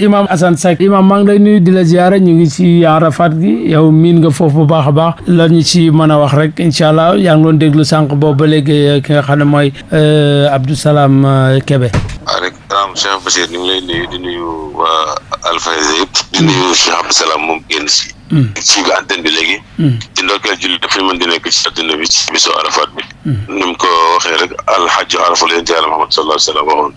Imam Assane Seck Imam maa ngi lay nuyu di la ziyaara ñu ngi ci Arafat gi yow miin nga foofu bu baax a baax la ñu ci mën a wax rek incha allah yaa ngi doon déglu sànq boobu ba léegi eh, ki nga xam ne mooy eh, Abdou Salam eh, Kébé. waaleykum salaam Cheikh Bachir ñu ngi lay nuyu di nuyu waa Alfayda yëpp di nuyu Cheikh Abdou Salam moom génn si. suñu antenne bi léegi. Hmm. di ndokkeel jullit dafa mën di nekk ci àddina bi ci bisu Arafat bi. Hmm. ni mu ko waxee rek alxajju arafa la yonent yàlla Muhammad sallallahu alayhi wa sallam waxoon.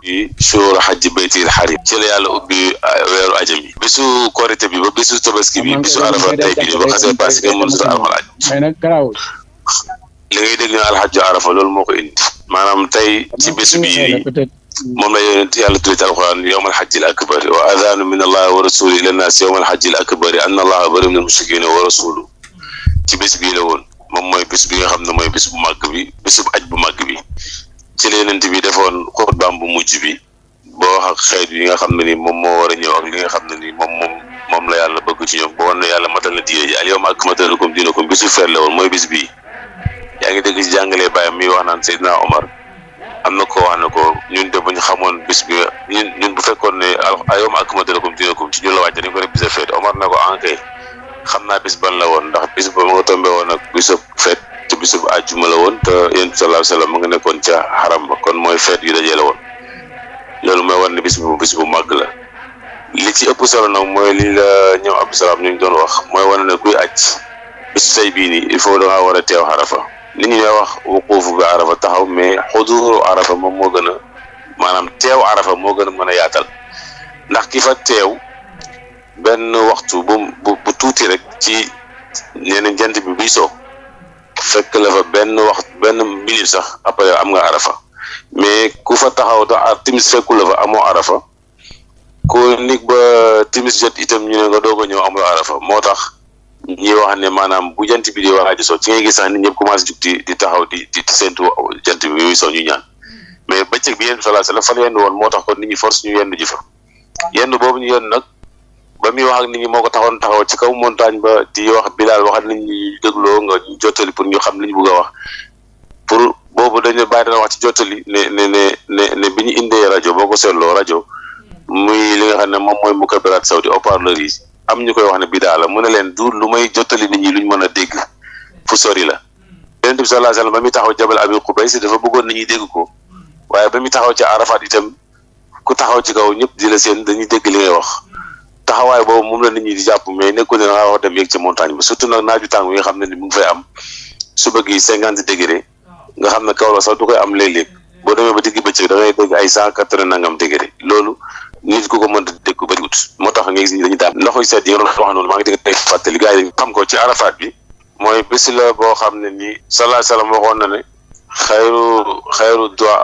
ci hmm. suura xajji baytil xarim. ci la yàlla ubbi ah, weeru ajam yi. bisu korite bi ba bisu tabaski bi bisu Arafat tey bi ba xasee paase nga mën arafa loolu moo ko indi. maanaam tey ci bés bii moom la yonent yàlla tudd ci alquran yowmal xajjil akbar wa adaanu min allahi wa rasuli ila naas yowmal xajjil akbar anna allaha bari min almushrikiina wa rasulu ci bés bii la woon moom mooy bés bi nga xam ne mooy bés bu màgg bi bésub aj bu màgg bi ci la yonent bi defoon xutbaam bu mujj bi boo wax ak xeet yi nga xam ne ni moom moo war a ñëw ak li nga xam ne ni moom moom moom la yàlla bëgg ci ñoom ba woon na yàlla matal na diine ji al yawma akmaltu lakum diinakum bésu feer la woon mooy bés bii yaa ngi dégg ci jàngalee bàyyam mi wax naan Seydina Omar am ko wane ko ñun de bu xamone bis bi ñun ñun bu fekkoon ne ayom ak ma dalakum dinakum ci ñu la wàcc dañ ko def bisa feet omar nako ko ankay ah, xam bis ban la won ndax bis bu mo tombe won ak bisu fete ci bisu aljuma la won te yeen sallallahu alayhi wasallam nga nekkon ci haram ba kon moy fete yu dajee la woon loolu mooy ne bis bu bis bu mag la li ci ëpp solo nak moy li la abdou abdusalaam ñu doon wax moy wane ne kuy acc bis say bi ni il faut da wara tew harafa li ñu wax wuquuf bi arafa taxaw mais xuduru arafa moom moo gën a maanaam teew arafa moo gën a mën a yaatal ndax ki fa tew benn waxtu bu bu tuuti rek ci nee na jant bi buy soo fekk la benn waxtu benn minute sax après am nga arafa mais ku fa taxaw da timis fekku la fa amoo arafa ku nig ba timis jot itam ñu ne nga doog a ñëw amul arafa moo tax ñuy wax ne maanaam bu jant bi di waaj a so ci ngay gis sax nit ñëpp commencé jug di di taxaw di di séntu jant bi muy so ñu ñaan mais bëccëg bi yenn salaas la fa la yenn woon moo tax kon nit ñi force ñu yenn ji fa yenn boobu ñu yenn nag ba muy wax ak nit ñi moo ko taxoon taxaw ci kaw montagne ba di wax bilaal waxat nit ñi dégloo nga jottali pour ñu xam li ñu bugg a wax pour boobu dañu bàyyi dana wax ci jottali ne ne ne ne ne bi ñu indee rajo boo ko seetloo rajo muy li nga xam ne moom mooy mu kabiraat saw di haut-parleur yi am ñu koy wax ne bidaa la mu ne leen du lu may jottali nit ñi luñ mën a dégg fu sori la yonent bi sallallahu alayhi wasallam ba muy taxaw jabal abi si dafa bëggoon na ñi dégg ko waaye ba taxaw ci arafat itam ku taxaw ci kaw ñëpp di la seen dañuy dégg li wax taxawaay boobu moom la nit ñi jàpp mais nekkul ne da ngaa wax dem yéeg ci montagne bi surtout nag naaju tàng yi xam ne ni mu ngi fay am suba gi cinquante degré nga xam ne kaw la sax du koy am léeg-léeg boo demee ba digg bëccëg da ngay dégg ay cent quatre nangam degré loolu nit ku ko mën a dégg bariwut moo tax nga gis ñi dañu daan ndoxu seet yi nga doon ko ci arafat bi mooy bisi la boo xam ne nii sallallahu alayhi wa sallam na ne xayru xayru du'a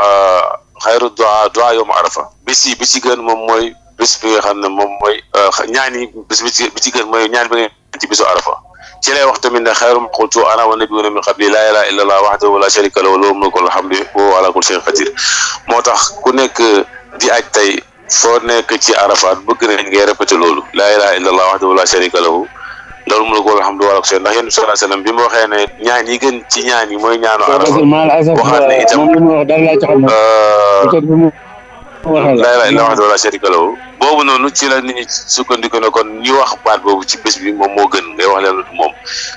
xayru du'a du'a yawm arafa bés yi bi ci gën moom mooy bés bi nga xam ne moom mooy euh, ñaan yi bés bi ci bi ci gën mooy ñaan bi nga ci arafa ci lay wax tamit ne xayru ma qultu ana wa nabiyuna min qabli laa ilaaha illa allah wahdahu la sharika lahu lahul mulku wal hamdu wa huwa ala seen shay'in qadir moo tax ku nekk di aj tey foo nekk ci arafaat bëgg nañ ngay répété loolu laa ilaha illa allah wahdahu la sharika lahu loolu mu la ko alhamdu wala ko seen ndax yéen sallallahu alayhi bi mu waxee ne ñaan gën ci ñaan yi mooy ñaanu arafa waxaat ne itam laa euh, ilaha illa allah wahdahu la sharika lahu boobu noonu ci la nit ñi sukkandiku ne kon ñi wax baat boobu ci bés bi moom moo gën ngay wax leen moom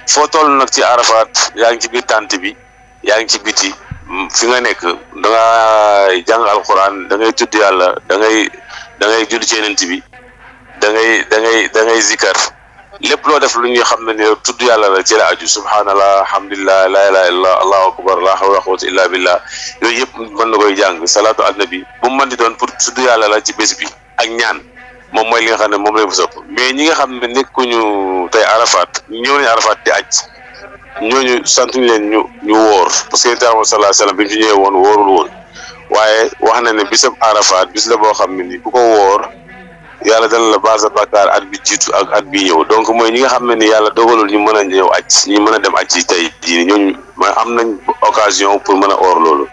foo toll nag ci arafaat yaa ngi ci biir tànt bi yaa ngi ci biti fi nga nekk da nga jàng alxuraan da ngay tudd yàlla dangay ngay da ngay bi da ngay da ngay da ngay loo def lu ñuy xam ne ne tudd yàlla la ci la aju subhanallah alhamdulillah la ilaha illa allahu akbar la hawla quwwata illa billah yooyu yëpp mën na koy jàng salaatu annabi bu mu mën di doon pour tudd yàlla la ci bés bi ak ñaan moom mooy li nga xam ne moom lay bu sopp mais ñi nga xam ne nekkuñu tey arafaat ñëw nañu arafaat di aj ñooñu sant leen ñu ñu wóor parce que yéen sallallahu alayhi wasallam bi mu fi ñëwee woon wóorul woon waaye wax na ne bisab Arafat bis la boo xam ne nii bu ko wóor yàlla dana la baasa bàkkaar at bi jiitu ak at bi ñëw donc mooy ñi nga xam ne ni yàlla dogalul ñu mën a ñëw aj ñu mën a dem aj ci tey jii ñooñu ma am nañ ocasion pour mën a oor loolu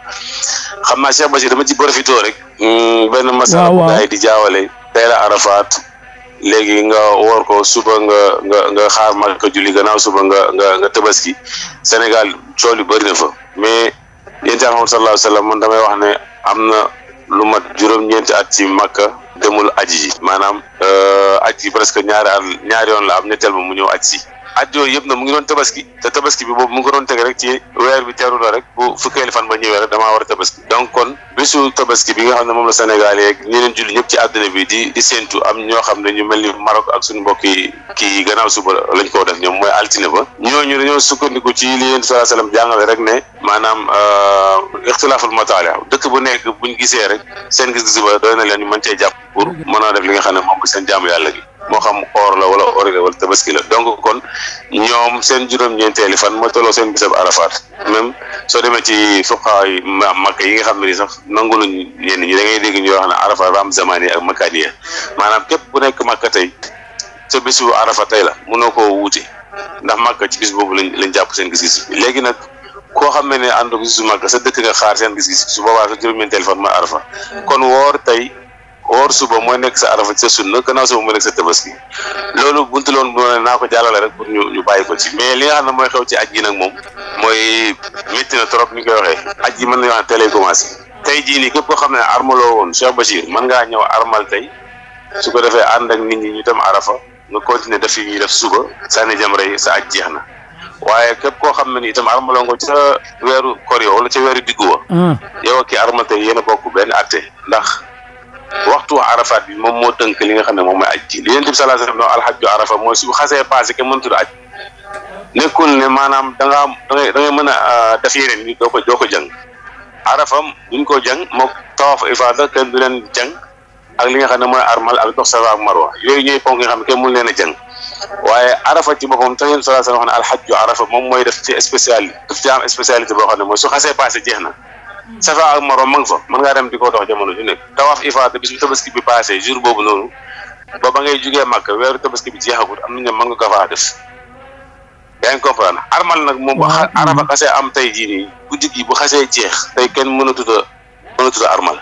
xam naa ba si dama ci profité rek mm, benn masala bu di jaawale tey la Arafat léegi nga woor ko suba nga nga nga xaar Màkka julli gannaaw suba nga nga nga tabaski Sénégal cool yu bëri na fa mais yéen tamit sallallahu alayhi wa sallam man damay wax ne am na lu mat juróom-ñeenti at ci Màkka demul aji ji maanaam euh, aji presque ñaari at ñaari yoon la am ñetteel ba mu ñëw aji si. at yooyu yëpp na mu ngi doon tabaski te tabaski bi boobu mu ngi ko doon teg rek ci weer bi teeru la rek bu fukkeeli fan ba ñëwee rek dama war a tabaski donc kon bésu tabaski bi nga xam ne moom la Sénégal yeeg ñeneen julli ñëpp ci àddina bi di di séentu am ñoo xam ne ñu mel ni Maroc ak suñu mbokk yi kii gannaaw suba lañ koo def ñoom mooy altine ba ñooñu dañoo sukkandiku ci li yéen salaa salaam jàngale rek ne maanaam euh, ixtilaaful mataala dëkk bu nekk buñ gisee rek seen gis-gis na leen ñu mën cee jàpp pour mën a def li nga xam ne moom seen jaamu yàlla gi moo xam or la wala ori la wala tabaski la donc kon ñoom seen juróom-ñeenteeli fan mooy tolloo seen bisab arafaat même soo demee ci fuqaa yi màkk yi nga xam ne ni sax nangu nañu ñenn ñi da ngay dégg ñu wax ne arafaat ba am zamaani ak makaaniya maanaam képp bu nekk màkk tey sa bisu arafa tey la mënoo koo wuute ndax màkk ci bis boobu lañ lañ jàpp seen gis-gis léegi nag koo xam ne ne àndoo gis-gisu màkk sa dëkk nga xaar seen gis-gis su boobaa sa juróom-ñeenteeli fan mooy arafa or suba moy nek sa arafa ci sunna gannaaw suba moy nek sa tabaski lolu buntu lon mo na ko jallale rek pour ñu ñu bayiko ci mais li nga xamne moy xew ci aji nak mom moy metti na trop ni koy waxe aji man ñu télé commencé tay ji ni kep ko xamne armalo won cheikh bashir man nga ñew armal tay su ko defé and ak nit ñi ñu tam arafa nga continuer def yi def suba ne jam ray sa aji jeexna waye kep ko xamne ni tam armalo ngo ci wéru koor yo ya wala ci wéru diggu wa hmm. yow ki armal tay yena bokku ben até ndax waxtu arafat bi moom moo tënk li nga xam ne moom mooy aj ji li yonent bi sallallahu alayhi wasallam alxajju arafa mooy su xasee passé kenn ne maanaam da ngaa da ngay mën a euh, def yeneen yi doo ko doo ko jàng arafam duñ ko jàng mook tawaaf ifaada kenn du leen jàng ak li nga xam ne mooy armal ak dox safa yooyu ñooy nga xam ne kenn leen a jàng waaye arafa ci boppam tax yéen sallallahu alayhi moom mooy def ci spécialité daf ci am spécialité boo xam ne mooy su xase passé jeex na safa a morom ma nga fa mën ngaa dem di ko dox jamono ju nekk tawaaf ifaada bis bu tabaski bi passé jour boobu noonu ba ba ngay jugee màkk weeru tabaski bi jeexagut am na ne mën nga ko faa def yaa ngi comprendre armal nag moom arafa xasee am tey jii nii guddi gi bu xasee jeex tey kenn mënatut a mënatut armal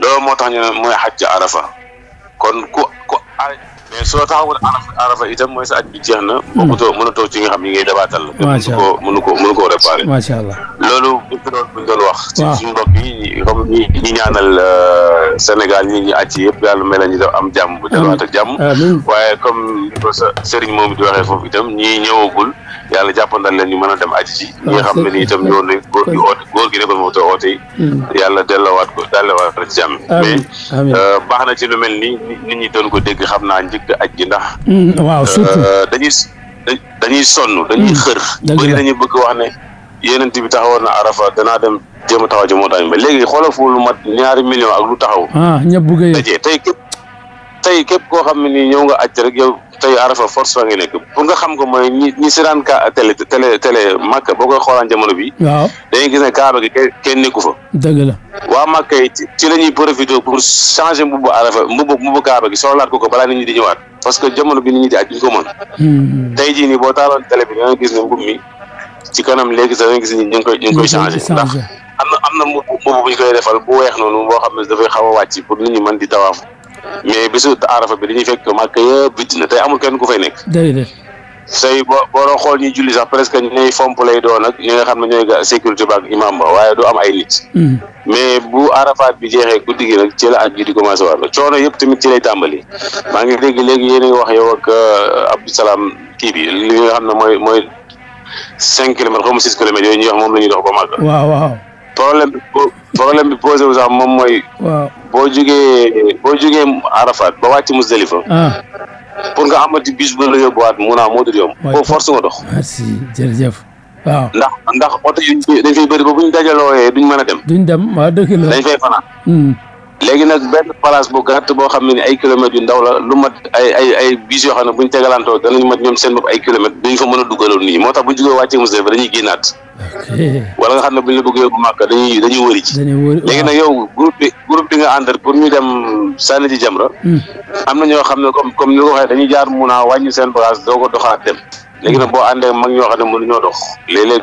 loolu moo tax ñu ne mooy xajj arafa kon ku ku mais soo taxawul arafa itam mooy sa aj bi jeex na. bokkutoo hmm. mënatoo ci nga xam ni ngay dabaatal. loolu bu ñu doon wax. ci suñu mbokk yi comme ñaanal euh, Sénégal ñi ñu àcc yëpp yàlla mel na ñu def am jàmm bu delluwaat ak jàmm. waaye comme ni ko sa sëriñ moom di waxee foofu itam ñii ñëwagul yàlla jàppandal leen mën a dem àcc ci. ñi nga xam ne ni itam ñoo ne góor gi oote góor gi ne ko moo tax oote yi. Hmm. yàlla delluwaat ko delluwaat ci jàmm. mais euh, baax na ci lu mel ni ñi doon ko dégg xam naa njëkk dagg aj gi ndax. Mm, waaw euh, surtout dañuy dañuy sonn dañuy mm, xër. bëri dañuy bëgg wax ne yonent bi taxawoon na Arafa danaa dem jéem a taxaw ci montagne ba léegi xoolal fu lu mat ñaari million ak lu taxaw. ah ñëpp bëgg a yegg tey képp koo xam ne nii ñëw nga àcc rek yow tey arafa force fa nga nekk pour nga xam ko mooy ñi ñi si daan ka télé télé télé Màkka boo bi waaw dañuy gis ne kaaba gi kenn nekku fa waa Màkka yi ci la ñuy profité pour changer mbubbu arafa mbubbu mbubbu kaaba gi soxlaat ko ko balaa nit ñi di ñëwaat parce que jamono bi nit ñi di aj duñ ko mën hmm. tey jii boo taaloon télé bi na nga gis ne mbub mi ci kanam léegi sax da nga gis ni ñu koy ñu ndax am na am bu ñu koy defal bu weex noonu boo xam ne dafay xaw a wàcc pour nit ñi mën di tawaaf mais bisu arafa bi dañuy fekk màkk yëpp bitti na tey amul kenn ku fay nekk. say boo boo xool ñuy julli sax presque ñooy fomp lay doon ak ñi nga xam ne ñooy sécurité ba ak imam ba waaye du am ay nit. Hmm. mais bu arafaat bi jeexee guddi gi nag ci la at ji di commencé waat coono yëpp tamit ci lay tàmbali. maa ngi dégg léegi yéen a ngi wax yow ak euh, Abdou Salam kii bi li xam ne mooy mooy cinq kilomètres xaw ma six kilomètres yooyu ñu wax moom la ñuy dox ba màgg. waaw waaw problème problème bi posé wu sax moom mooy. waaw boo jugee boo jugee Arafat ba wàcc Musdalifa. Ah. pour nga amati bis bu la yóbbuwaat mu naa moo dul yomb. waaw force nga dox. ndax ndax oto yi dañ fay bëri ba bu ñu dajaloo duñ mën a dem. duñ dem waaw dëgg la dañ fay fanaan. Hmm. léegi nag benn place bu gàtt boo xam ne ni ay kilomètres yu ndaw la lu mat ay ay ay bis yoo xam ne bu ñu tegalantoo danañ mat ñoom seen bopp ay kilomètres duñ fa mën a duggaloon nii moo tax bu ñu jógee wàccee Musdalifa dañuy génnaat wala nga xam ne bu ñu la bëggee yóbbu dañuy dañuy wëri ci léegi nag yow groupe bi groupe bi nga àndal pour ñu dem sànni ci Jamra hmm. am na ñoo xam ne comme comme ni ko waxee dañuy jaar mun a wàññi seen bagage doo ko doxaat dem léegi nag boo àndee mag ñoo xam ne mënuñoo dox léeg-léeg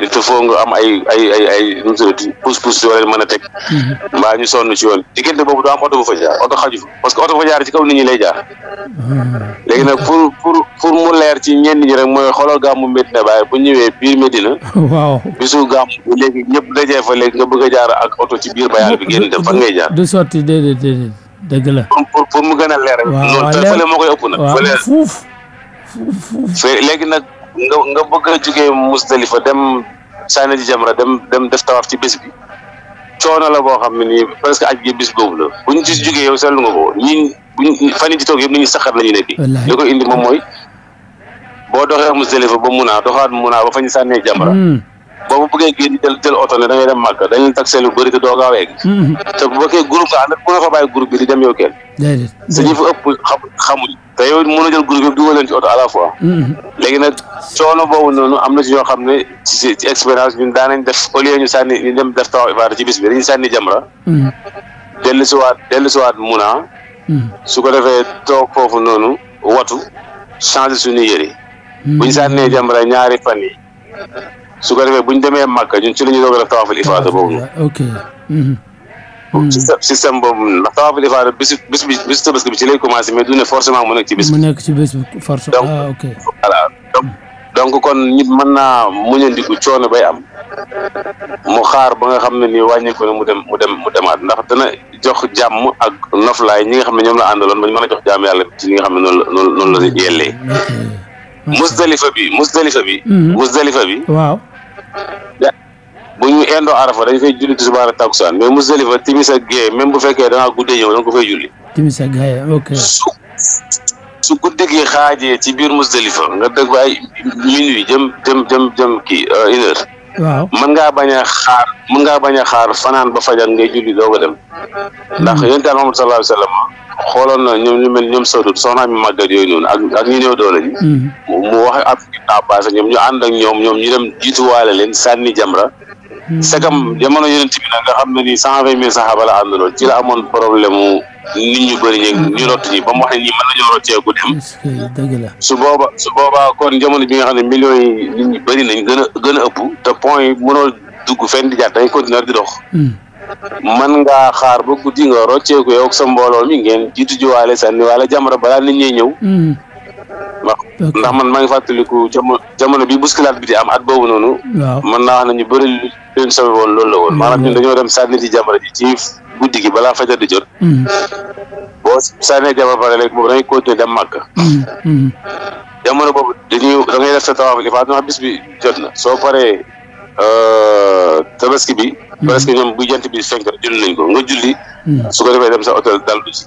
il faut nga am ay ay ay ay nu mu tuddati pousse pousse yoo leen mën a teg mhm. mbaa ñu sonn ci yoon diggante boobu doo am oto bu fa jaar oto xaju fa parce que oto bu fa jaar ci kaw nit ñi lay jaar mhm. léegi nag pour pour pour mu leer ci ñenn ñi rek mooy xoolal gàmmu Medina Baye bu ñëwee biir Medina waaw bisu gàmm bi léegi ñëpp dajee fa léegi nga bëgg a jaar ak oto ci biir bayaal bi génn dem fan ngay jaar du sotti déedéet déedéet dëgg la pour pour mu gën a leer rek noonu fële moo koy ëpp nag léegi nag nga nga bëgg a jugee Musdalifa dem sànni ji jamra dem dem def tawaaf ci bés bi coono la boo xam ne nii presque aj gi bis boobu la bu ñu ci jugee yow lu nga ko ñun buñ fan yi ci toog yëpp ni ñu saxar la ñu nekk. li ko indi moom mooy boo doxee Musdalifa ba mun a doxaat mun a ba fa ñu sànnee jamra hmm. boo mu bëggee génn jël jël oto ne da ngay dem màgg dañuy taxé lu bëri te doo gaaw a egg mm-hmm. te bu fekkee groupe nga ànd mën a fa bàyyi groupe bi di dem yow kenn su ñu fa ëpp xam xamuñ te yow mën a jël groupe yëpp dugal leen ci oto à la fois mm-hmm. léegi nag coono boobu noonu am na ci ñoo xam ne ci ci expérience ñun daanañ def au lieu ñu sànni ñu dem def taw ibaada ci bis bi dañuy sànni jamra mm-hmm. dellu siwaat dellu siwaat muna su ko defee toog foofu noonu watu changer suñu yëri bu ñu sànnee jamra ñaari fan yi su ko defee bu ñu demee Màkka ñun ci la ñuy doog a def tawaaful ifaada ah, boobu. ok. Mm-hmm. Mm. Mm. système boobu ndax tawaaful ifaada bis bis bi bis bi ci lay commencé mais du ne forcément mu nekk ci bis bi. mu ci bis bi forcément ah donc kon nit mën naa muñandiku coono bay am mu xaar ba nga xam ne nii wàññiku ne mu dem mu dem mu demaat ndax dana jox jàmm ak noflaay ñi nga xam ne ñoom la àndaloon ba mën a jox jàmm yàlla ci ñi nga xam ne noonu la noonu la mm-hmm. yellee. Musdalifa bi Musdalifa bi. Mm-hmm. Musdalifa bi waaw. bu ñu indoo arafa dañ fay julli tisbaar ak takusaan mais musdalifa timis ak gée même bu fekkee da ngaa guddee ñëw da nga ko fay julli. timis ak gée ok. su su guddi gi xaajee ci biir musdalifa nga dëgg ba ay minuit jëm jëm jëm ki kii euh, une heure. waaw mën ngaa bañ a xaar mën ngaa bañ a xaar fanaan ba fajal nga julli doog a dem. ndax hmm. yonent Yàlla Muhammad sallallahu alayhi xooloon na ñoom ñu mel ñoom Sawdu soxnaa mi màggat yooyu noonu ak ak ñu néew doole hmm. mu wax temps passé ñoom ñu ànd ak ñoom ñoom ñu dem jiituwaale leen sànni jamra segam hmm. jamono yonent bi nag nga xam ne ni cent vingt mille saxaaba la àndaloon ci la amoon problème nit ñu bëri ñu ñu rott ñi ba mu wax ne ñi mën nañoo rocceeku dem su booba su boobaa kon jamono bi nga xam ne millions yi nit ñu bëri nañ gën gën ëpp te point yi mënoo dugg fenn di jaar dañ continuer di dox man hmm. ngaa xaar ba guddi nga rocceeku yow ak sa mbooloo mi ngeen jiitu jiwaale sànni wala jamra balaa nit ñi ñëw hmm. ndax man maa ngi fàttaliku jamono jamono bi bousculade bi di am at boobu noonu. waaw mën naa wax ne ñu bëri lu leen sowe woon loolu la woon. maanaam ñun dañoo dem sànni ci jàmbara ji ci guddi gi balaa fajar di jot. Hmm. boo sànnee jàmbara pare léegi boobu da ngay continuer dem màgg. Hmm. Hmm. jamono boobu dañuy sa tawaaf li bis bi jot na soo paree euh, bi. presque ñoom bu bi fenk julli nañ ko nga julli. su ko defee dem sa hôtel dal du ci.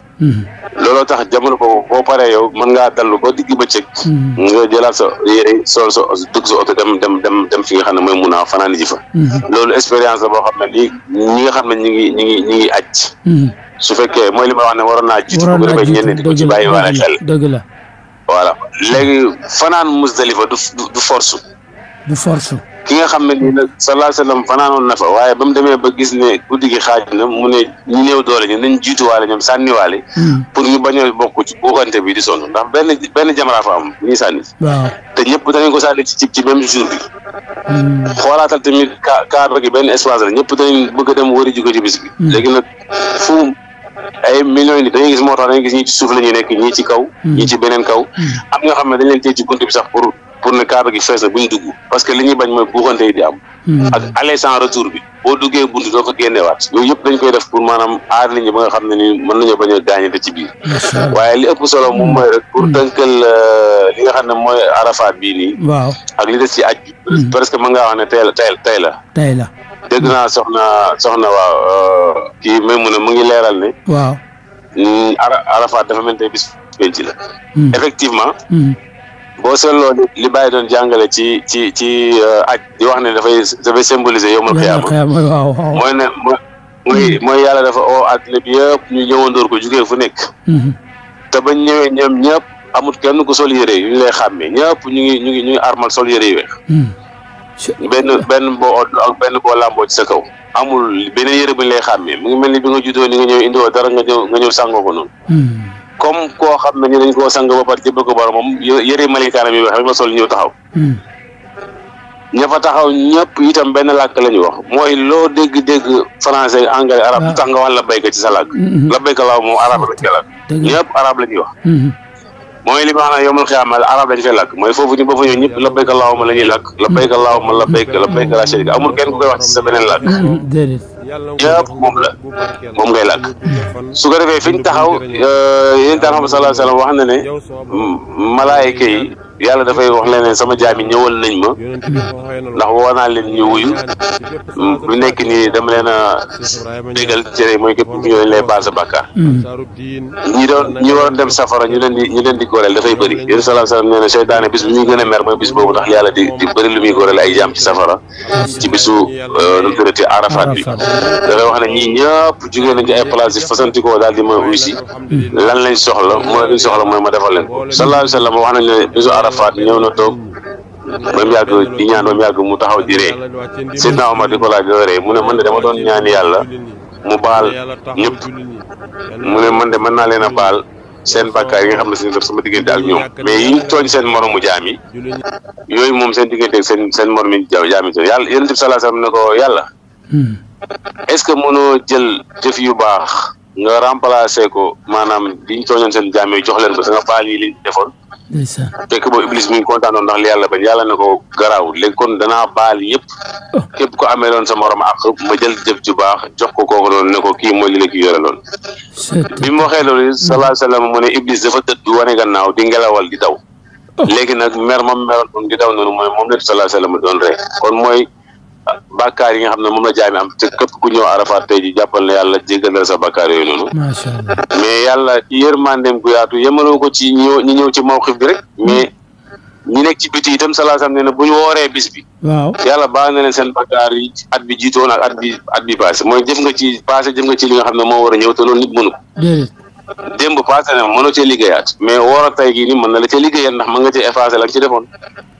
looloo tax jamono boobu boo paree yow mën ngaa dallu ba digg bëccëg hmm. nga jëlaat sa yére sol sa dugg sa oto dem dem dem dem fi nga xam ne mooy mun a fanaan ji fa hmm. loolu expérience la boo xam ne lii ñi nga xam ne ñi ngi ñi ngi ñi ngi aj hmm. su fekkee mooy li ma wax ne waroon naa jiitu bu ko defee di ko ci bàyyi waale xel dëgg la voilà léegi fanaan Musdalifa du du force du force. ki nga xam ne nii nag sallallahu alayhi wa sallam fanaanoon na fa waaye ba mu demee ba gis ne guddi gi xaaj na mu ne ñu néew doole ñu nañ jiituwaale ñoom sànniwaale. Hmm. pour ñu bañ a bokk ci buukante bi di sonn ndax benn benn jamra fa am ñuy sànni. te ñëpp danañ ko sànni ci ci même jour bi. Hmm. xoolaatal tamit ka cadre gi benn espace la ñëpp danañ bëgg a dem wëri ji ko bi. Hmm. léegi nag fu ay millions yi dañuy gis moo tax dañuy gis ñi ci suuf la ñuy nekk ñii ci kaw. ci beneen kaw. pour ne kaaba gi fees na bu ñu dugg parce que li ñuy bañ mooy buuxante yi di am. Hmm. ak aller retour bi boo duggee bunt doo ko génneewaat yooyu yëpp dañ koy def pour maanaam aar nit xam ne ni mën nañoo bañ a gaañante ci biir waaye li ëpp solo moom mooy rek pour hmm. tënkal euh, li nga xam ne mooy arafaat bii nii ak li des ci aj bi hmm. presque mën nga wax ne tey la tey la tey la dégg naa soxna soxna waaw euh, kii may mu ne mu ngi leeral ne waaw arafaat dafa mel ne bis penc la effectivement boo seeloo li bàyyi doon jàngale ci ci ci euh, aj di wax ne dafay dafay symboliser yowmal xiyaama waaw mooy ne mooy hmm. mooy yàlla dafa oo àddina bi yëpp ñu ñëwandoor ko jugee fu nekk hmm. te bañ ñëwee ñoom ñëpp amut kenn ku sol yére yu ñu lay xàmmee ñëpp ñu ngi ñu ngi ñu armal sol yére yi weex hmm. benn benn boo odd ak benn boo làmboo sa kaw amul beneen yére bu ñu lay xàmmee mu ngi mel ni bi nga juddoo ni nga ñëw indiwoo dara nga ñëw nga ñëw sàngoo ko noonu comme koo xam ne ñu dañ koo sang ba pare jëbal ko boromam yëre malikaana mi wax ma sol ñëw taxaw hmm. ña fa taxaw ñëpp itam benn làkk la ñu wax mooy loo dégg-dégg français anglais arabe ah. tax nga wax la béykat ci làkk hmm, hmm. la béykat laaw moom arabe lañ koy làkk ñëpp la ñuy wax mooy li maanaam yomul xiyaamal arabe lañ koy làkk mooy foofu ñu ba fa ñëw ñëpp la laaw ma la làkk la béykat laaw ma la béykat la béykat la amul kenn ku koy wax ci sa beneen làkk yëpp moom la moom ngay làkk su ko defee fi ñu taxaw euh, yéen daal xam sallallahu alayhi wasallam wax na ne malaayika yi yàlla dafay wax leneen sama jaam yi ñëwal nañ ma ndax woo naa leen ñu wuyu mm, bu nekk nii dama leen a déggal cere mooy képp ku ñëw lay baal sa bàkkaar mm. ñi doon ñi waroon dem safara ñu leen di ñu leen di góoreel dafay bëri yéen sallallahu alayhi wasallam nee na seytaane bis bu ñuy gën a mer mooy bis boobu ndax yàlla di di bëri lu muy góoreel ay jaam ci safara ci bisu euh, nu mu tuddati arafaat bi dafay wax ne ñii ñëpp jugee nañ ci ay place yi di ma wisi lan lañ soxla mu ne liñ soxla mooy ma defal leen sallallahu alayhi wa sallam wax nañ ne bisu arafat ñëw na toog ba mu yàgg di ñaan ba mu yàgg mu taxaw di ree sidna omar di ko laaj dina ree mu ne man de dama doon ñaan yàlla mu baal ñëpp mu ne man de mën naa leen a baal sen bakkaar yi nga xam ne def sama diggante ak ñoom mais yi tooñ est-ce que mënoo jël jëf yu baax nga remplacer ko maanaam liñ tooñoon seen jaam yi jox leen ko da nga baal yi liñ defoon. fekk boobu Iblis mi ngi kontaanoon ndax li yàlla ba yàlla ne ko garaaw léegi kon danaa baal yëpp oh. képp ko amee loon sa morom ak ma jël jëf ju baax jox ko kooku loolu ne ko kii mooy li la ki yore loon bi mu waxee loolu salaa salaam mu ne Iblis dafa tëdd wane gannaaw di ngelawal di daw oh. léegi nag mer moom meroon di daw noonu mooy moom la salaa salaam doon rek bàkkaar yi nga xam ne moom la jaami am te képp ku ñëw Arafat tey ji jàppal ne yàlla jéggal na sa bàkkaar yooyu noonu macha allah mais yàlla gu yaatu yemaloo ko ci ñëw ñi ñëw ci bi rek mais bu ñu wooree bis bi waaw na leen seen yi at bi jiitoon ak at bi at bi passé mooy jëf nga ci ne moo war a ñëw te loolu nit mënu ko démb passé na mënoo cee liggéeyaat mais woor a tey gii ni mën na la cee liggéeyaat ndax mën nga cee effacé la ci defoon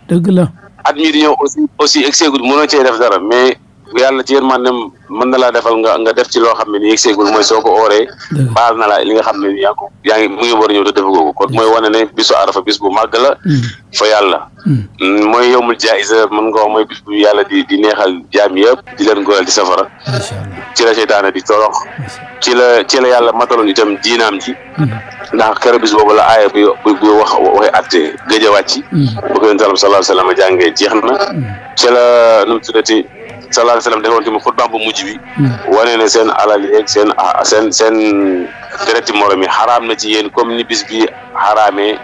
dëgg la at mii di ñëw aussi aussi exeegul mënoo cee def dara mais yàlla ci yërmandem mën na laa defal nga nga def ci loo xam ne nii exeegul mooy soo ko ooree baal na laa li nga xam ne nii yaa yaa ngi mu ngi war a ñëw te defagoo ko kon mooy wane ne bisu arafa bis bu màgg la mm. fa yàlla mm. mooy yowmul jaayisa mën nga wax mooy bis bu yàlla di di neexal jaam yëpp di leen góoral di safara ci la seytaane di torox ci la ci yàlla mataloon itam diinaam ji ndax keroog bis boobu la aaya bu bu wax waxee atte gëj a wàcc bu ko yonent wa sallam jàngee jeex na ci la nu mu tuddati sallallahu alayhi wa sallam mujj bi wane ne seen alal yeeg seen seen seen dereti morom yi xaraam na ci yéen comme ni bis bi xaraamee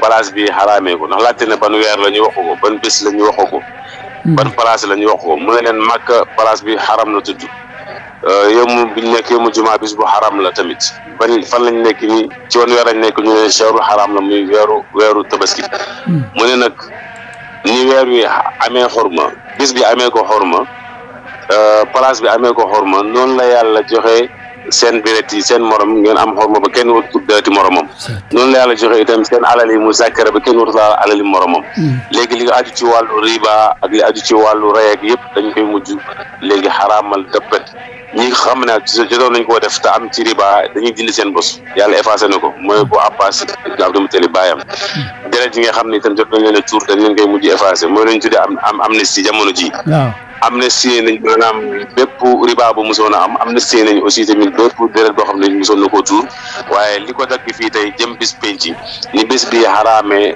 place bi xaraamee ko ndax laajte ne ban weer la ñu waxu ko ban bés la ñu waxu ko ban place la ñu waxu ko mu ne leen màkk place bi xaram na tudd Euh, yowmu biñ nekk yowmu jumaa bis bu xaram la tamit ban fan lañ nekk nii ci woon weer lañ nekk ñu ne cheru xaram la muy weeru weeru tabaski hmm. mu ne nag ni weer wi amee xorma bis bi amee ko xorma euh, place bi amee ko xorma noonu la yàlla joxe seen béret yi seen morom ngeen am xorma ba kenn warut daati moromam noonu la yàlla joxe itam seen alal yi mu sàkkara ba kenn warut laal alal yi moromam hmm. léegi li aju ci wàllu riba ak li aju ci wàllu rey ak yëpp dañ koy mujj léegi xaraamal dëppet ñi xam ne jotoon nañ koo def am ci riba dañuy dindi seen bos yàlla effacé na ko mooy bu abbas abdama tali bàyyam hmm. yi nga xam ne itam jot nañ leen a tuur dañ leen koy mujj effacé mooy lañ tuddee am am amnistie jamono ji am amnistie nañ maanaam bépp riba bu mosoon a am amnistie nañ aussi tamit bépp déret boo xam ne mosoon na koo tuur waaye li ko dagg fii tey jëm bis penc ni bés bi xaraamee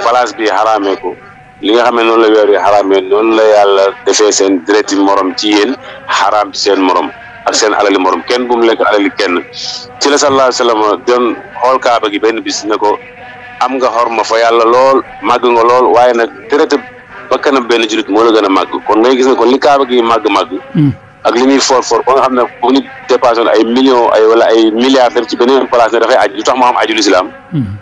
place bi xaraamee ko li nga xam ne noonu la weer wi xaraamee noonu la yàlla defee seen déreti morom ci yéen xaraam ci seen moroom ak seen alali morom kenn bu mu lekk alali kenn ci la sallallahu alayhi wa sallam doon xool kaaba gi benn bis ne ko am nga ma fo yàlla lool màgg nga lool waaye nag déreti ba kanam benn julit moo la gën a màgg kon ngay gis ne kon li kaaba gi màgg-màgg hmm. ak li muy for for nga xam ne bu nit dépassé woon ay millions ay wala ay milliards dem ci beneen place ne dafay aj lu tax mu am aju lislaam hmm.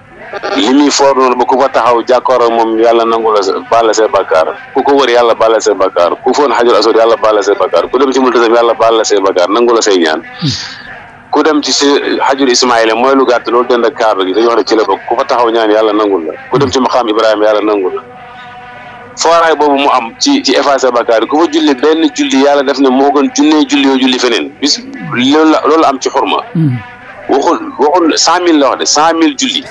li muy foor noonu ba ku fa taxaw jàkkoor moom yàlla nangu la baal seen bakkaar ku ko wër yàlla baal seen bakkaar ku foon xajul asod yàlla baal seen bakkaar ku dem ci multasam yàlla baal seen bakkaar nangu la say ñaan hmm. ku dem ci si xajul ismaila mooy lu loolu dend ak kaaba gi dañu wax ne ci la bokk ku fa taxaw ñaan yàlla nangul ku dem ci fooraay boobu mu am ci ci effacer bàkkaar yi ku fa julli benn julli yàlla def ne moo gën junnee julli yoo julli feneen bis loolu la loolu am ci xurma hmm. waxul waxul cent mille la wax de cent mille julli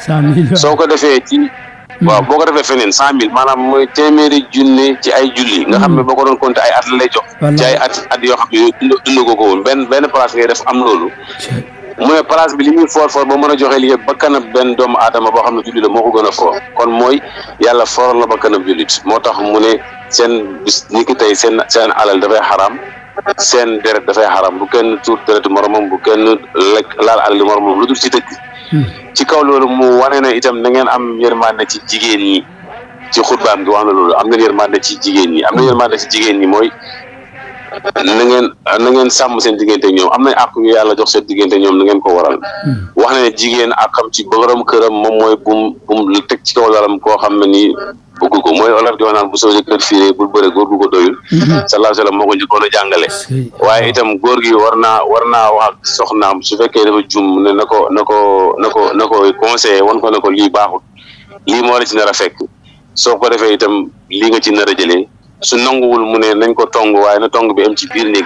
soo ko defee ci hmm. waaw boo ko defee feneen cent mille maanaam mooy téeméeri junne ci ay julli nga xam ne hmm. boo ko doon compter ay at la lay jox ci ay at at yoo xam ne dund ko ko woon benn benn place ngay def am loolu mu ne place bi li muy foor foor ba mën a joxe lii bakkanab benn doomu aadama boo xam ne jullit moo ko gën a foor kon mooy yàlla fooral na ba bakkanab jullit moo tax mu ne seen bis ni ki tey seen seen alal dafay xaraam seen deret dafay xaraam bu kenn tuur deret moromam bu kenn lekk laal alal moromam lu dul ci dëgg hmm. ci kaw loolu mu wane na itam na ngeen am yërmande ci jigéen ñi ci xutbaam gi wax na loolu am na yërmande ci jigéen ñi am na ci jigéen ñi mooy na ngeen na ngeen sàmm seen diggante ñoom am nañ àq yu seen jox seen diggante ñoom na ko waral hmm. wax na ne jigéen àqam ci borom këram moom mooy bum bum teg ci kaw lalam koo xam ne nii bëgg ko mooy olof di wax naan bu soo jëkkër fiiree bul bëre góor gu ko doyul hmm. sallallahu alayhi wa sallam moo ko njëkkoon a jàngale waaye itam góor gi war naa war naa wax ak soxnaam su fekkee dafa jum ne na ko na ko na ko na ko conseillé wan ko ne ko lii baaxul lii moo la ci nar a fekk soo ko defee itam li nga ci nar a jëlee su nanguwul mu ne nañ ko tong waaye na tong bi am ci biir néeg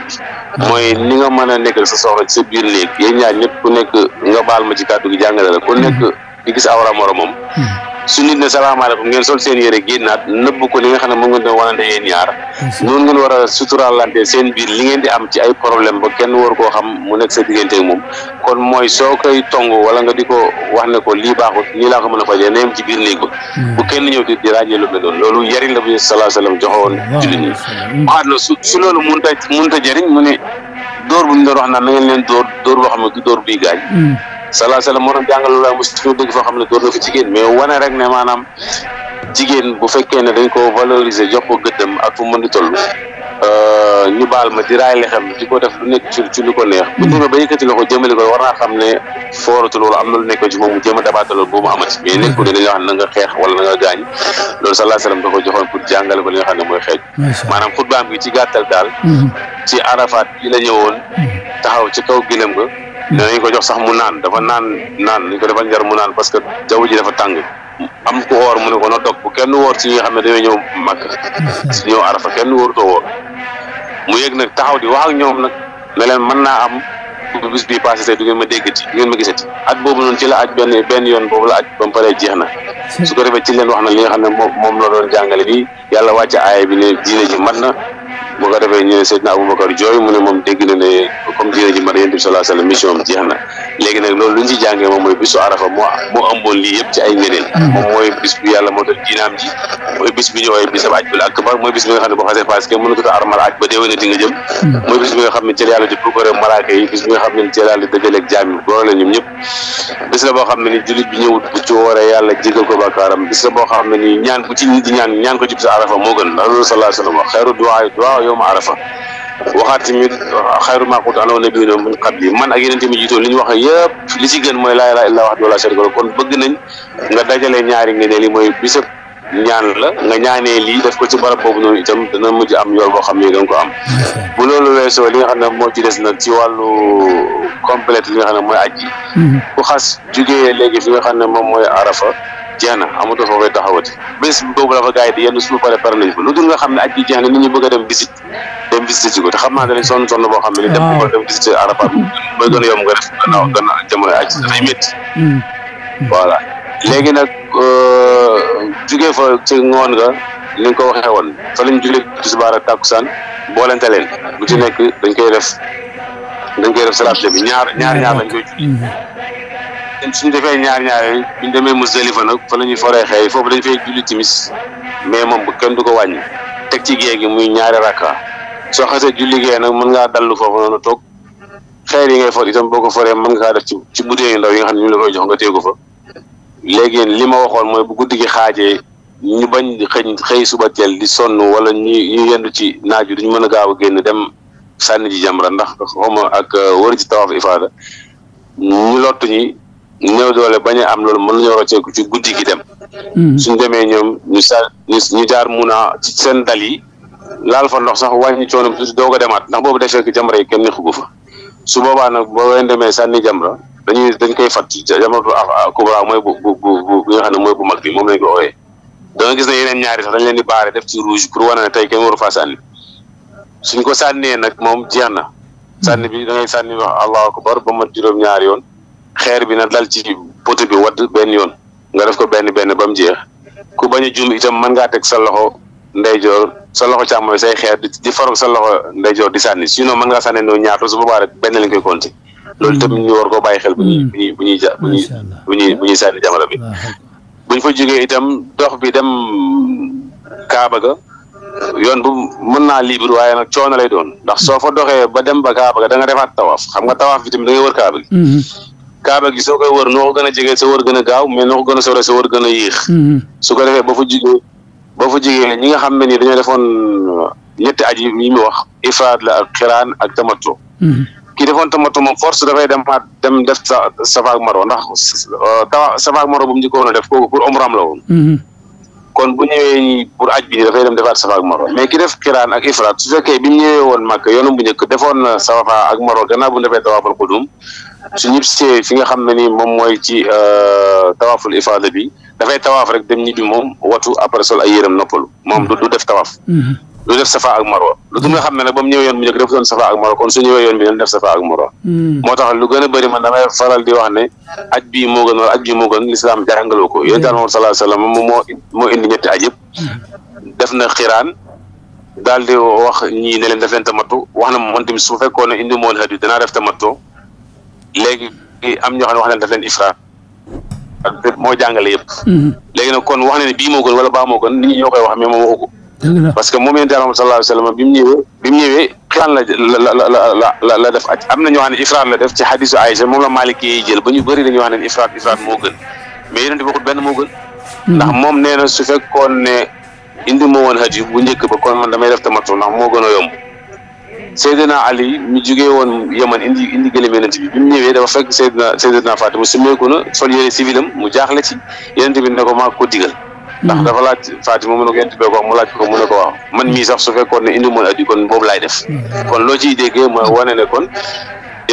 mooy ni nga mën a nekkal sa soxla sa biir néeg yéen ñaar ñëpp ku nekk nga baal ma ci kàddu gi jàngale la ku nekk di gis awra moom su nit ne salaamaaleykum ngeen sol seen yere gennat nëbb ko li nga xamne mo mu ngeen doon wanante yéen ñaar noonu ngeen wara a suturaalante seen bir li ngeen di am ci ay problème ba kenn wor ko xam mu nek sa diggante mom kon moy so koy tong wala nga diko wax ne ko li baaxut li la ko meuna faje neem ci bir neeku bu kenn ñew di di lu mel noonu loolu yariñ la bu ñu salaa salaam joxoon jullit ñi waxaat na su lolu mu nta mu nta jëriñ mu ne dor bu ñu doon wax na ngeen len dor dor boo xam ne du dóor bii gaañ salaa salaam moo doon jàngal loolu am su dégg xam ne door na fi jigéen mais wane ne maanaam jigéen bu fekkee ne dañ ko valoriser jox ko gëddam ak fu mën di toll euh, ñu baal ma di raay li xam di ko def lu ci ci lu ko neex bu demee ba yëkkati loxo jëmale ko war naa xam ne fooratu loolu am na lu nekk ci moom mu jéem a dabaata loolu boo mu amati mais xam mm-hmm. ne na nga xeex wala na nga gaañ loolu salaa salaam da ko joxoon pour jàngale ko li nga xam ne mooy xeej maanaam xutbaam gi ci gàttal daal mm-hmm. ci arafat yi la ñëwoon mm-hmm. taxaw ci kaw gëlëm ga dinañ ko jox sax mu naan dafa naan naan ñu ko defal njar mu naan parce que jaww ji dafa tàng am ku woor mu ne ko na toog kenn woor si ñi nga xam ne dañoo ñëw màkk si ñëw arafa kenn wóorutoo woor mu yëg nag taxaw di wax ak ñoom nag ne leen mën naa am bu bis bii passé tey du ngeen ma déggati du ngeen ma gisati at boobu noonu ci la aj benn yoon boobu la aj ba mu paree jeex na su ko defee ci leen wax na li nga xam ne moom moom la doon jàngale bi yàlla wàcce aaya bi ne diine ji mat na bu ko defee ñu ne Seydina Aboubacar jooy mu ne moom dégg na ne comme diine ji mat yonent bi moom moo moo ëmboon lii yëpp ci hmm. moo doon diinaam ji mooy bis hmm. la yàlla di procuré malaaka moo xeeru duwaa yawma arafa waxaat tamit xayru maa kuntu anhu nabiyuna min qabli man ak yeneen tamit jiitoon li ñu wax yëpp li ci gën mooy laa ilaaha illallaah wahdahu laa sharika lahu kon bëgg nañ nga dajale ñaari ngëneel yi mooy bisab ñaan la nga ñaanee lii def ko ci barab boobu noonu itam dana mujj am yool boo xam ne danga ko am bu loolu weesoo li nga xam ne moo ci des na ci wàllu complète li nga xam ne mooy aj yi mm-hmm. ku xas jugee léegi fi nga xam ne moom mooy arafa jeex na amatul foofay taxawati bés boobu la fa gars yi di yenn suñu pare pare nañ ko lu dul nga xam ne aj gi jeex na nit ñi a dem visite dem visite ji ko te xam naa dañu sonn boo xam ne ni dem ko dem a yomb nga def gannaaw gannaaw jamono aj dafay métti mm. voilà léegi nag euh, jugee fa ci ngoon nga li nga ko waxee woon fa lañ julli tisbaar ak tàkkusaan boolente leen bu ci nekk dañ koy def dañ koy def salaat bi ñaar ñaar ñaar lañ koy julli suñu defee ñaar ñaar yooyu buñ demee Musdalifa nag fa la ñuy foree xëy foofu dañ fay julli timis mais moom bu kenn du ko wàññi teg ci géej gi muy ñaari rakka soo xasee julli gee nag mën ngaa dallu foofu noonu toog xeer yi ngay for itam boo ko foree mën nga kaa def ci ci butéel yu ndaw yi nga xam ne ñu la koy jox nga téye ko fa léegi li ma waxoon mooy bu guddi gi xaajee ñu bañ xëñ xëy suba teel di sonn wala ñu ñu yendu ci naaj wi duñ mën a gaaw a génn dem sànni ji jamra ndax xawma ak wër ci tawaaf ifaada ñu lottu néew doole bañ am loolu mën nañoo rocceeku ci guddi gi dem. Hmm. suñ demee ñoom ñu sa ñu jaar mun a seen dal yi laal fa ndox sax wàññi coono tuuti doog a demaat ndax boobu day fekk jamra yi kenn xuggu fa su boobaa nag boo leen demee sànni jamra dañuy dañ koy fat ci jamratu ah ah kubra mooy bu bu bu bu nga xam ne mooy bu mag bi moom lañ ko ooyee. da nga ñaari dañ leen di baare def ci rouge pour wane ne tey kenn waru faa sànni suñ ko sànnee nag moom jeex na hmm. sànni bi da ngay sànni wax allahu akbar ba mat juróom-ñaari yoon. xeer bi na dal ci potu bi wadd benn yoon nga def ko benn benn ba mu jeex ku bañ a itam mën ngaa teg sa loxo ndeyjoor sa loxo càmmooñ say xeer di faroog sa loxo ndeyjoor di sànni sinon mën ngaa sànni noonu ñaar su boobaa rek benn lañ koy compter loolu itam ñu war ko bàyyi xel bu ñuy bu bu ñuy bu ñuy bu bi buñ fa jógee itam dox bi dem Kaaba ga yoon bu mën naa libre waaye nag coono lay doon ndax soo fa doxee ba dem ba Kaaba ga da nga defaat tawaaf xam nga tawaaf bi tamit da ngay Kaaba gi mhm. kaaba gi soo koy wër noo ko sa wër gëna gaaw mais no gëna sore sa wër gëna a su ko défé ba fu jigé ba fu jigé ñi nga xamné ni dañu défon ñetti aji yi mi wax ifad la ak khiran ak tamattu mm-hmm. ki défon tamattu mo force fay dem dem def sa safa ak maro ndax euh, safa ak maro bu mu jikko na def ko pour omram la woon mm-hmm. kon bu ñëwee ni pour aji bi ni dafay dem defaat safa ak maro mais ki def khiran ak ifrad su fekkee bi mu won makka yoonu bu ñëk défon na safa ak maro gëna bu défé tawaful qudum su ñibbisee fi nga xam ne ni moom mooy ci euh, tawaaful ifaada bi dafay tawaaf rek dem ñibbi moom watu après sol ay yéram noppalu moom du def tawaaf lu mm-hmm. def safa ak marwa lu dul nga ne nag ba mu ñëwee yoon bu njëkk def safa ak marwa su ñëwee yoon bi leen def moo tax lu gën a bëri faral di wax ne aj bii moo gën wala aj bii moo gën lislaam jarangaloo ko yonent Muhammad sallallahu alayhi wa moo moo indi ñetti aj mm-hmm. def na xiraan daal di wax ñii ne leen def leen tamattu wax na moom man tamit su fekkoon ne indi moon hadi danaa def tamattu léegi am ñoo ne wax nañ daf leen ifraat ak moo jàngale yëpp. Mm-hmm. léegi nag kon wax na ne bii moo wala baa moo gën nit ñi ñoo koy wax mais moom waxu parce que moom yonent Yàlla sallallahu alayhi wa sallam bi mu ñëwee bi la la la la la la def am na ñoo xam ne ifraat la def ci hadisu Aïcha moom la Maalik yi jël ba ñu bëri dañuy wax ne ifraat ifraat moo gën mais yonent bi bokkul benn moo mm-hmm. moom nee na su fekkoon ne indi ma woon hadiyu bu njëkk ba kon man damay def tamattu ndax moo gën a yomb. Seydina Ali mi jugee woon Yemen indi indi gëlëm yonent bi bi mu ñëwee dafa fekk Seydina Seydina Fatima sumeeku na sol yére civilam mu jaaxle ci yonent bi ne ko ko digal. ndax dafa laaj Fatima ko yonent man mii sax su fekkoon ne indi moon laay def. kon loo ciy déggee mooy wane ne kon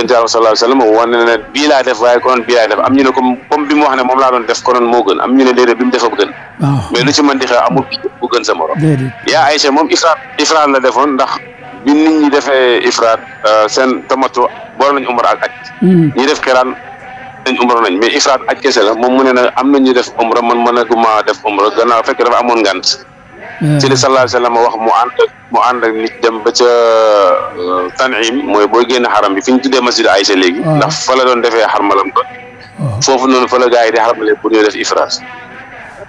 yonent bi wa sallam wane ne bii laa def waaye ñu ne comme comme bi mu wax ne moom laa doon def konoon moo gën am ñu ne déedéet bi mu def gën. Ah. mais lu ci mën di bu gën sa morom. yaa Aïcha moom ifraat ifraat la defoon ndax bi nit ñi defee ifraat euh, seen tamatu boole nañ umra ak aj mm. ñi def xiraan nañ umra nañ mais ifraat aj kese la moom mu ne na am na ñu def umra man mën a guma def umra gannaaw fekk dafa amoon ngant mm. ci li sallallahu alayhi wa wax mu ànd ak mu ànd ak nit dem ba ca euh, tanim mooy booy génn xaram bi fi ñu tuddee masjid Aïcha léegi mm. ndax fa la doon defee xarmalam ko foofu noonu fa la gaa yi di xarmale pour ñu def ifraat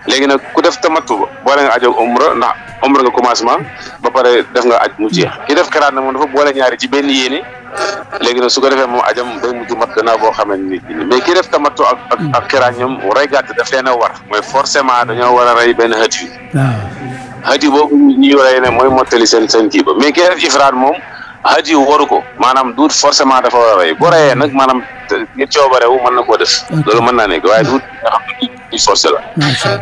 léegi nag ku def tamattu boole nga ajoog umra ndax umra nga commencement ba pare def nga aj mu jeex ki def karaat na moom dafa boole ñaari ci benn yéene léegi nag su ko defee moom ajam day mujj mat gannaaw boo xamee nit ñi mais ki def tamattu ak ak ak karaat ñoom rey gàtt daf leen a war mooy forcément dañoo war a rey benn xët yu xët yu boobu ñuy rey ne mooy mottali seen seen kii ba mais ki def ifraat moom xaj yi waru ko maanaam duut forcément dafa war a rey boo reyee nag maanaam ngir coobarewu mën na koo def loolu mën naa nekk waaye duut nga xam bi forcé la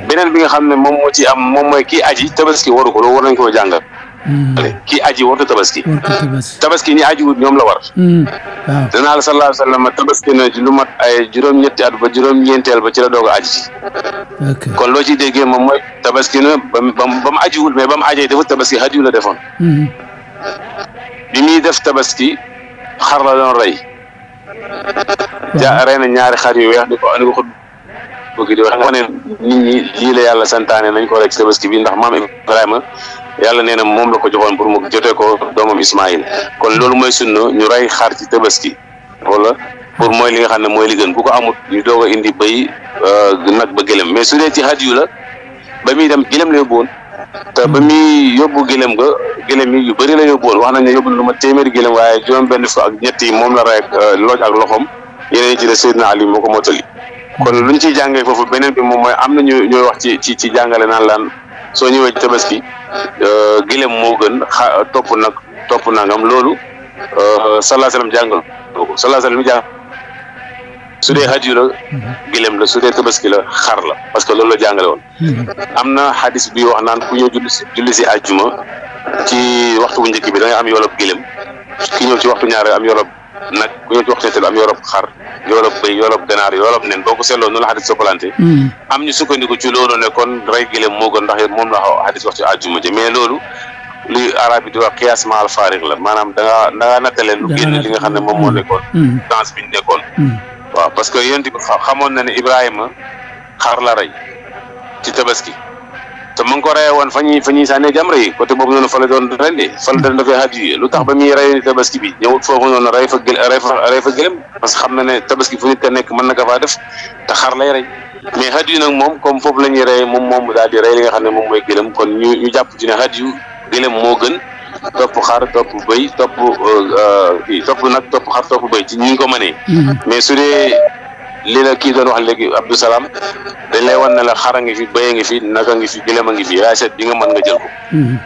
beneen bi nga xam ne moom moo ci am moom mooy kii aji tabaski waru ko loolu war nañ koo jàngal hmm. kii aji warut tabaski tabaski ñi aji wut ñoom la war hmm. waaw danaa la sallallahu alayhi wa sallam tabaski na ci lu mat ay juróom-ñetti at ba juróom-ñeenteel ba ci la doog a aji loo ciy déggee moom mooy tabaski na ba ba mu aji wut mais ba mu ajee dafa tabaski hadiyu la defoon hmm. bi def tabaski xar la doon rey ja rey na ñaari xar weex bëgg di wax nga xam nit ñi lii la yàlla santaane nañ ko rek tabaski bi ndax maam Ibrahima yàlla nee na moom la ko joxoon pour mu jotee ko doomam Ismaïl kon loolu mooy sunna ñu rey xar ci tabaski wala pour mooy li nga xam ne mooy li gën bu ko amut ñu doog a indi béy euh, nag ba gëlëm mais su dee ci hadiyu la ba muy dem gëlëm la yóbbu te ba muy yóbbu gëlëm ga gëlëm yi yu bari la yóbbu wax nañ ñu yóbbu lu ma téeméeri gëlëm waaye juróom benn fukk ak ñetti yi la rek euh, looj ak loxoom yeneen ci de Seydina Ali moo ko mottali kon lu ñu ciy jàngee foofu beneen bi moom mooy am na ñooy wax ci ci ci jàngale naan laan soo ñëwee tabaski euh, gëléem moo gën xa topp nag topp nangam loolu euh, salaa salaam jàngal ko salaa salaam jàng su dee xaj yu la la su dee tabaski la xar la parce que loolu la jàngale woon am na xadis bi wax naan ku ñëw julli si julli si àjjuma ci waxtu bu njëkk bi da am yoolab gëléem ki ñëw ci waxtu ñaare am yoolab nag bu ñu ci waxtee lu am yoolab xar yoolab bëy yoolab ganaar yoolab nen boo ko seetloo noonu la xadis soppalante hmm. am ñu sukkandiku ci loolu ne kon rey gëléem moo gën ndax yoon moom la xadis wax ci àjjuma ji mais loolu luy arab yi di wax qiyaas ma al faariq la maanaam danga ngaa da ngaa lu génn li nga xam ne moom moo hmm. nekkoon hmm. danse bi ñu nekkoon waaw parce que yonent bi xamoon na ne Ibrahima xar la rey ci tabaski te mu ngi ko rey woon fa ñuy fa ñuy sànnee jamra yi côté boobu noonu fa la doon rendi fa la doon dafay xaj lu tax ba muy rey tabaski bi ñëwut foofu noonu rey fa gël parce que xam na ne tabaski fu nit te nekk mën na ko faa def te xar lay rey mais xaj yu nag moom comme foofu la ñuy rey moom moom daal di rey li nga xam ne moom mooy gëlëm kon ñu ñu jàpp ci ne xaj yu gëlëm moo gën topp xar topp bay topp euh, euh, kii topp nag topp xar topp bëy ci ñu ko mënee mm-hmm. mais su li la kii doon wax léegi Abdou Salam dañ lay na la xara ngi fi béya ngi fi naka ngi fi gilema ngi fi bi nga mën nga jël ko mm-hmm.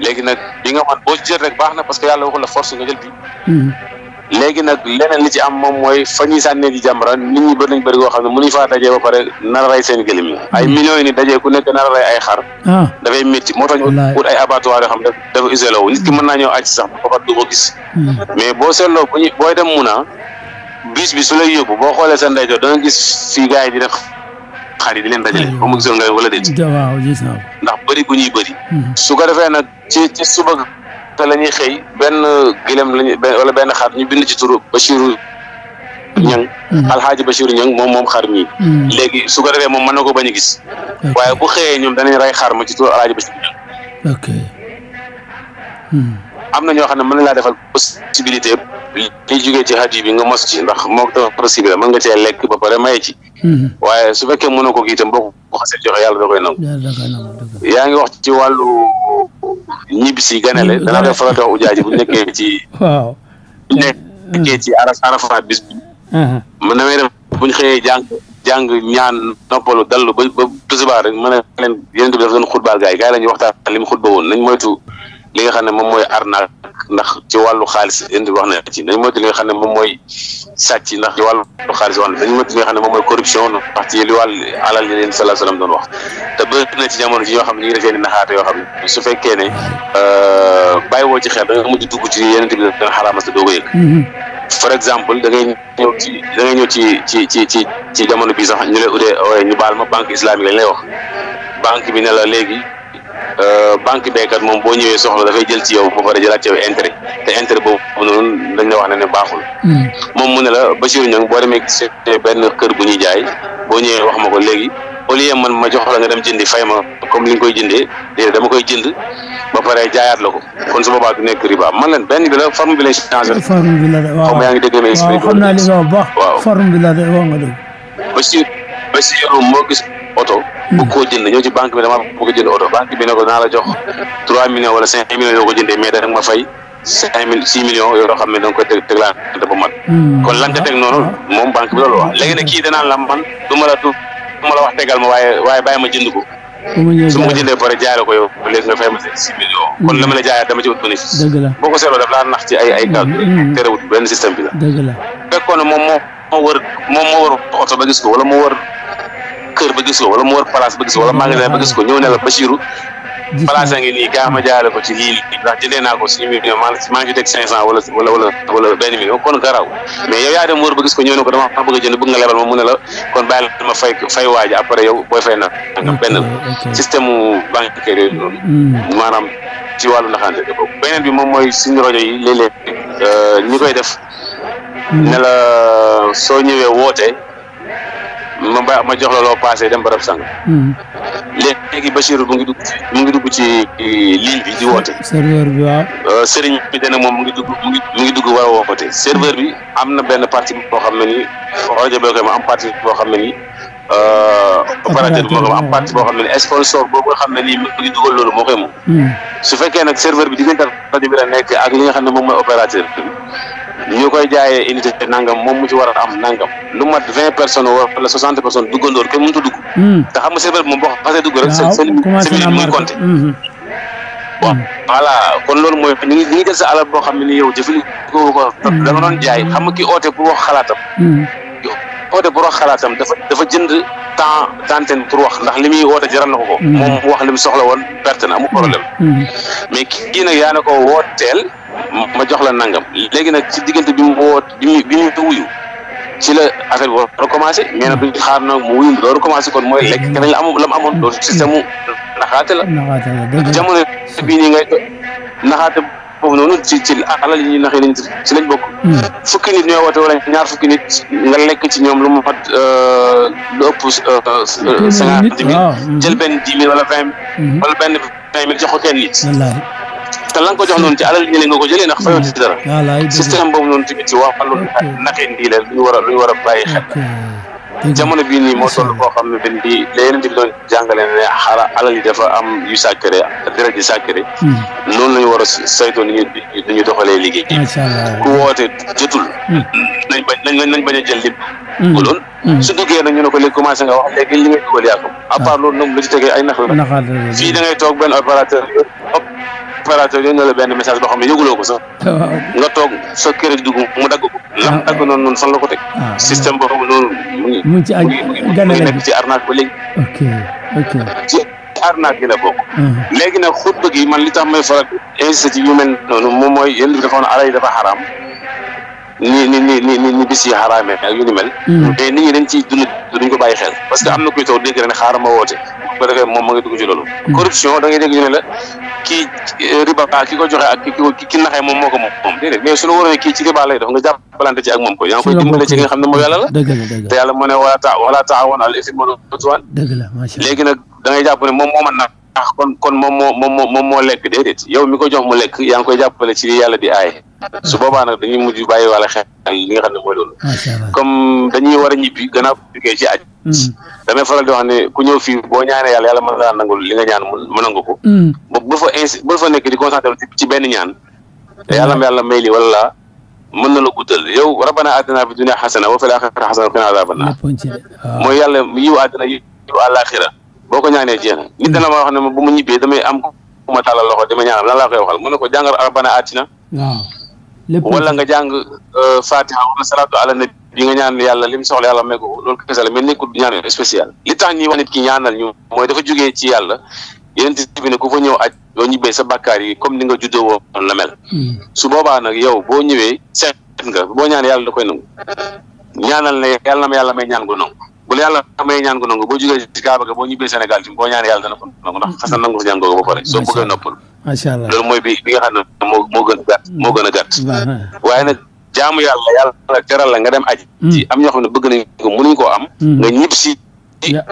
léegi nag bi nga mën boo ci jël rek baax na parce que yàlla waxu la force nga jël bi mm-hmm. léegi nag leneen li ci am moom mooy fa ñuy sànnee ji jàmbara nit ñi bëri nañ koo xam ne mënuñ faa dajee ba pare nar a rey seen gëlim yi ay mm-hmm. millions yi ni dajee ku nekk nar a rey ay xar ah. dafay métti moo tax ñu wut ay abattoir yoo xam ne dafa isolé wu nit ki mën naa ñëw àcc sa ba du gis mais boo seetloo bu ñu dem mun a bis bi su lay yóbbu boo xoolee sa ndeyjoor da gis si gars yi di def xar yi di leen dajale ba mu gisoon nga wala déet ndax bëri bu ñuy bëri hmm. su ko defee nag ci ci suba te lañuy xëy benn gëlëm lañu wala benn xar ñu bind ci turu Bachirou Ñang hmm. hmm. alxaaji Bachirou Ñang moom moom xar mii léegi su ko defee moom mën na ko bañ a gis waaye bu xëyee ñoom danañ rey xar ma ci turu alxaaji Bachirou Ñang am na ñoo xam ne mën na laa defal possibilité li jógee ci hajj bi nga mos ci ndax moo possible la mën nga cee lekk ba pare maye ci mhm. waaye su fekkee mën na ko kii itam boo ko xasee yàlla da koy nangu yaa ngi wax ci wàllu ñibbisi ganele danaa koy faral di wax ujaaji nekkee ci waaw bu nekkee ci arafaat bis bi mhm. na may def buñ xëyee jàng jàng ñaan noppalu dallu ba ba tusubaar rek mën a leen yeneen bi dafa doon xutbaal gars yi gars yi la ñuy waxtaan li mu xutba woon nañ moytu li nga xam ne moom mooy arnaque ndax ci wàllu xaalis indi wax na ci nañ moytu li xam ne moom mooy sàcc ndax ci wàllu xaalis wax na dañ moytu li ne moom mooy corruption ndax ci li wàll alal yi leen salaa salaam doon wax te bëri na ci jamono ji ñoo xam ne ñu ngi def yenn naxaate yoo xam ne su fekkee ne euh, bàyyiwoo ci xel da nga dugg ci yeneen bi dana xaraamas te doo ko yëg par mm-hmm. exemple da ngay ñëw ci da ñëw ci ci ci ci ci jamono bii sax ñu lay udee ñu baal ma banque islamique lañ lay wax banque bi ne la léegi Euh, banque baykat moom boo ñëwee soxla dafay jël ci yow ba pare jëlaat ci yow intérêt te intérêt boobu noonu dañ la wax ne ne baaxul hmm. moom mu ne la ba Basiru ñoom boo demee gis benn kër bu ñuy jaay boo ñëwee wax ma ko léegi au man ma jox la nga dem jëndi fay ma comme li nga koy jëndee déedéet dama koy jënd ba pare jaayaat la ko kon su boobaa du nekk riba man leen benn bi la forme bi lañ changé forme bi la de waaw nga wax baax forme Bassirou moo gis oto. Hmm. bu ko jënd ñëw ci banque bi dama bëgg jënd oto banque bi ne ko naa la jox trois millions wala cinq millions yoo ko jëndee mais da ma fay cinq mille six koy ba hmm. hmm. ma la du ma la wax tegal ma waaye waaye ma jënd ko. su ma ko jëndee pare jaare ko yow nga fay ma six millions kon la ma la dama ci bénéfice. boo ko seetloo daf laa nax ci ay ay kàddu. terewut benn système bi la. dëgg la fekkoon moom moo wër moom moo wër oto ba gis ko wala moo wër kër ba gis ko wala moo wër place ba gis ko wala magasin ba gis ko ñëw ne la Bachirou place a ngi nii gaa ma jaale ko ci lii lii ndax jëndee naa ko suñu million maa maa ngi ci teg cinq cent wala wala wala benn million kon garaw mais yow yaa dem wër ba gis ko ñëw ne ko dama ma bëgg a jënd bëgg nga lebal ma mu ne la kon bàyyi la ma fay fay waaji après yow booy fay na nga benn système bancaire yooyu noonu hmm. maanaam ci wàllu naxante beneen bi moom mooy suñu rajo yi léeg-léeg euh, ñi koy def ne la soo ñëwee woote ma ba ma jox la loo paasee dem barab sang. Hmm. léegi Bachirou mu ngi dugg ci mu ngi dugg ci eh, ligne bi di woote. serveur bi euh, sëriñ bi dana moom mu ngi dugg mu ngi ngi dugg war a woote serveur bi am na benn partie boo xam ne ni rajo boo koy ma am partie xam ne ni. Euh, opérateur bi moo ko am boo xam ne ni sponsor boobu xam ne nii mu ngi moo koy moom. Hmm. su fekkee nag serveur bi diggante rajo bi la nekk ak li nga xam ne moom mooy opérateur bi. ñu koy jaayee unité nangam moom mu ci war a am nangam lu mat vingt personnes wala soixante personnes duggandoor kenn mënut a dugg. Hmm. te xam nga serveur bi moom boo xasee dugg rek. waaw commencé naa muy compté. Hmm. Hmm. kon loolu mooy ñu ngi ñu ngi jël sa alal boo xam ne ni yow jëfandikoo ko. da doon jaay xam ki oote pour wax xalaatam. oote pour wax xalaatam dafa dafa jënd temps d'antenne pour wax ndax li muy woote jaral na ko ko. moom wax li mu soxla woon perte na amul problème. mais kii nag yaa na ko wooteel. Ah, ma jox la nangam léegi nag ci diggante bi mu woot bi mu bi wuyu ci la affaire bi war a commencé mais nag duñ xaar nag mu wuyu commencé kon mooy lekk nañ la am la amoon loolu système mu naxaate la jamono bii nii ngay naxaate boobu noonu ci ci alal yi ñuy naxee nañ ci lañ bokk hmm. fukki nit ñooy woote wala ñaar fukki nit nga lekk ci ñoom lu mu mat euh, lu ëpp euh, cinquante hmm. jël benn dix mille wala vingt hmm. benn vingt ko kenn nit te la nga ko jox noonu ci alal ñeneen ko jëlee ndax fayoon ci dara système boobu noonu tamit ci waa wàllu naqe ndii la a lu ñu war xel jamono bii nii moo toll koo xam ne benn bi la yeneen bi doon jàngale ne xara alal yi dafa am yu sacré deret yi sacré hmm. noonu la ñu war a saytoo ni ñu dañu doxalee liggéey ku woote jotul hmm. nañ bañ nañ nañ bañ a jël lépp hmm. ko loolu su duggee nag ñu ne ko léegi commencé nga wax léegi li ko à part loolu nag lu ci tegee ay toog benn opérateur opérateur yónnee la benn message boo xam ne yëguloo ko sax. nga toog sa kër dugg mu dagg ko. Ah, lam ah. dagg noonu noonu fan la ko teg. Ah, système boo xam ne noonu. mu ngi ci ak gànnaaw la nekk ci arnaque ba léegi. ok ok léegi nag xutba gi man li tax may faral initiative yu mel noonu moom mooy yéen dafa woon alal yi dafa xaraam. ni ni ni ni ni bis yi xaraamee ak yu ni mel. Hmm. mais nit ñi dañ ciy dund duñ ko bàyyi xel parce que hmm. am na kuy taw dégg na ne xaaral ma woote bu ko defee moom ma ngi dugg ci loolu. Hmm. corruption da dégg ñu ne la kii eh, riba ki ko joxe ak ki ki naxee moom moo ko moom déedéet mais su la wóoree kii ci riba lay def nga jàppalante ci ak moom ko yaa ngi xam ne moom yàlla te yàlla ne wala ta wala taawoon al ismi wal udwan léegi nag da ngay jàpp ne moom ah kon kon moom moo moom moo moom moo lekk déedéet yow mi ko jox mu lekk yaa ngi koy jàppale ci li yàlla di aaye su boobaa nag dañuy mujj bàyyi wala xel li nga xam ne mooy loolu comme dañuy war a ñibbi gannaaw jógee ci aj mm. damay faral di wax ne ku ñëw fii boo ñaanee yàlla yàlla mën na nangul li nga ñaan mu nangu ko mm. bu fa insi bu fa nekk di concentré ci benn ñaan te yàlla yàlla may li wala laa mën na la guddal yow rabbana atina fi dunya xasana wa fil axirati xasana wa qina azaban naar mooy yàlla yiw àddina yiw àllaaxira boo ko ñaanee jeex na nit dana ma wax ne ma bu ma ñibbee damay am ku ma tàllal loxo dama ñaanal lan laa ko jàngal arabana aatina wala jàng euh, fatiha wala salaatu ala nabi nga ñaan yàlla li mu soxla yàlla may ko loolu kese la mais nekkul li tax ñuy wax nit ki ñu mooy dafa jógee ci yàlla yeneen bi ne ku fa ñëw aj doo ñibbee sa bakkaar yi comme ni nga juddoo woon la mel hmm. su boobaa nag yow boo ñëwee seet nga boo ñaan yàlla da koy nangu ñaanal ne yàlla na ma yàlla may ñaan gu nangu bu la yàlla amee ñaan ko nangu boo jógee ci Kaaba ga boo ñibbee Sénégal ci boo ñaanee yàlla dana ko nangu ndax xasan nangu sa ñaan googu ba pare soo bëggee noppal macha allah loolu mooy bi bi nga xam ne moo a gàtt moo gën a gàtt waaye nag jaamu teral la nga dem aji hmm. am ñoo xam ne bëgg nañ ko mënuñ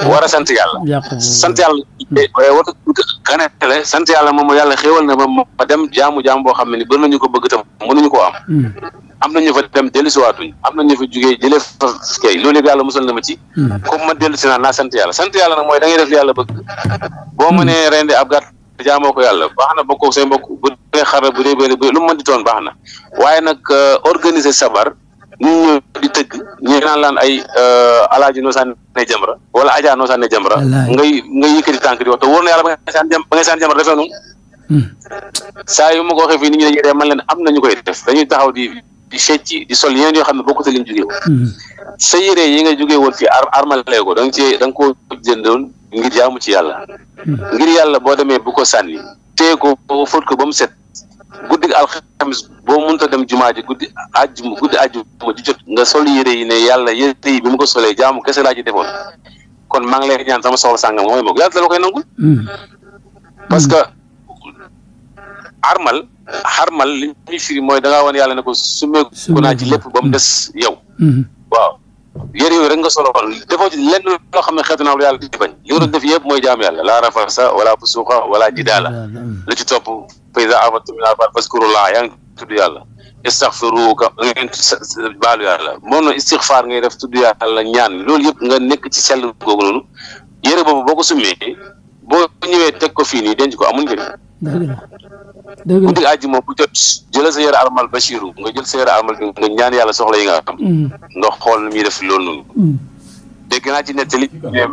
war a sant yàlla sant yàlla hmm. ganele sant yàlla moom yàlla xéewal na ba ma dem jaamu-jaam boo xam ne ni bari nañu ko bëgg tam mënuñu koo am hmm. am na ñu fa dem dellusiwaatuñ am na ñu fa jugee jëlee fa kay loolu yëpp yàlla musal na ma ci comme ma dellu si naa naa sant yàlla sant yàlla nag mooy da ngay def yàlla bëgg boo hmm. mënee rendi ab gàtt jaamoo ko yàlla baax na bokkoo say mbokk bu dee xar bu dee bëri lu mu toon baax na waaye nag euh, organiser sabar ñuy ñëw di tëgg ñu naan laan ay euh, alaaji noo saan ne jamra wala ajaa noo saan ne jamra ngay ngay yëkkati tànk di wax te wóor na yàlla ba nga saan jam ba defee noonu hmm. saa yu ma ko waxee fii ni ñu dañuy am na ñu koy taxaw di di secc di sol yeneen yoo xam ne bokkut a hmm. sa yére yi nga jógee woon fii ar armalee ko da nga cee da nga jëndoon ngir jaamu ci yàlla hmm. ngir yàlla boo demee bu ko sànni tee ko ko ba mu set guddi alxamis boo mënta dem jumaa ji guddi àjjuma guddi àjjuma ji jot nga sol yére yi ne yàlla yére yi bi mu ko solee jaamu kese laa defoon kon maa ngi lay ñaan sama soxla sàngam mooy moog yàlla dala koy nangul hmm. parce hmm. que armal xarmal li muy firi mooy da ngaa woon yàlla ne ko sumeeku naa ci lépp ba mu des yow hmm. waaw yére yooyu rek nga soloon defoo ci lenn loo xam ne xeetu naa lu yàlla di bañ li nga doon def yëpp mooy jaam yàlla laa rafasa wala fusuuqa wala jidaala lu ci topp fa iza afadtum min al-safari fazkurullaah yaa ngi tudd yàlla istaxfiru ka ngeen baalu yàlla moom na istixfaar ngay def tudd yàlla ñaan loolu yëpp nga nekk ci sell googu noonu yére boobu boo ko summee boo ñëwee teg ko fii nii denc ko amul njëriñ dëgg la guddi àjjuma bu jot jëlal sa a armal Bachiru nga jël sa yére armal bi nga ñaan yàlla soxla yi nga am. Mm. nga xool nu def loolu noonu. Mm.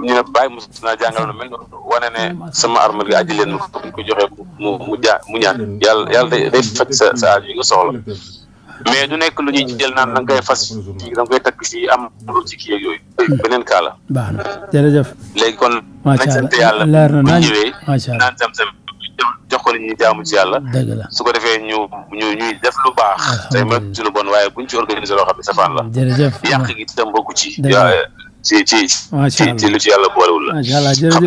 ne Baye Moussa naa na mel noonu wane ne sama armal gi àjji leen ma ko joxe mu mu jaa mu ñaan yàlla yàlla day day faj sa sa aaju yi nga soxla. mais du nekk lu ñuy jël naan da nga koy fas fii da nga koy takk fii am lu ci kii mm. beneen kaa la. baax naan sam sam. jox ko li ñuy jaamu su ko defee ñu ñu ñuy def lu baax tey ma suñu bon waaye buñ ci organiser loo xam ne safaan la yàq gi itam bokku ci ci ci ci ci lu la macha allah jërëjëf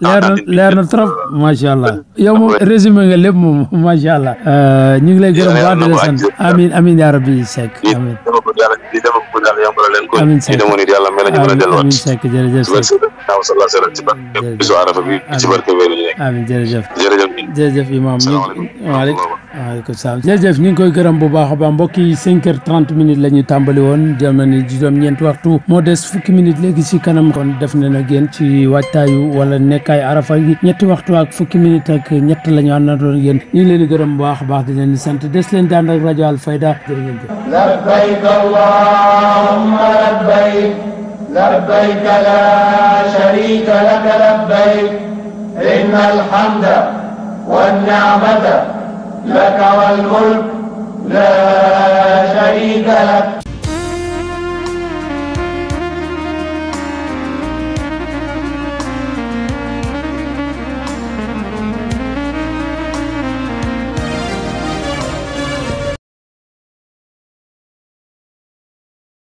leer na leer na trop macha allah yow moom résumé nga lépp moom macha allah ñu ngi lay gërëm la sant amin amin yaa rabbi Seck amin di dama a arafa bi ci barke wéy la ñu nekk amin jërëjëf jërëjëf imam waaleykum salaam jërëjëf ñu ngi koy gërëm bu baax a baax mbokk yi cinq heures trente minutes la ñu tàmbali jëm na ni juróom-ñeent waxtu moo des fukki minutes léegi si kanam kon def na na génn ci waajtaayu wala nekkaay arafa gi ñetti waxtu ak fukki minutes ak ñett la ñu àndandoon yéen ñu ngi leen gërëm bu baax baax di leen sant des leen daan ak rajo Alfayda jërëngeen jëf labbayk allahumma labbayk labbayk la sharika laka labbayk inna والنعمة لك والملك لا شريك لك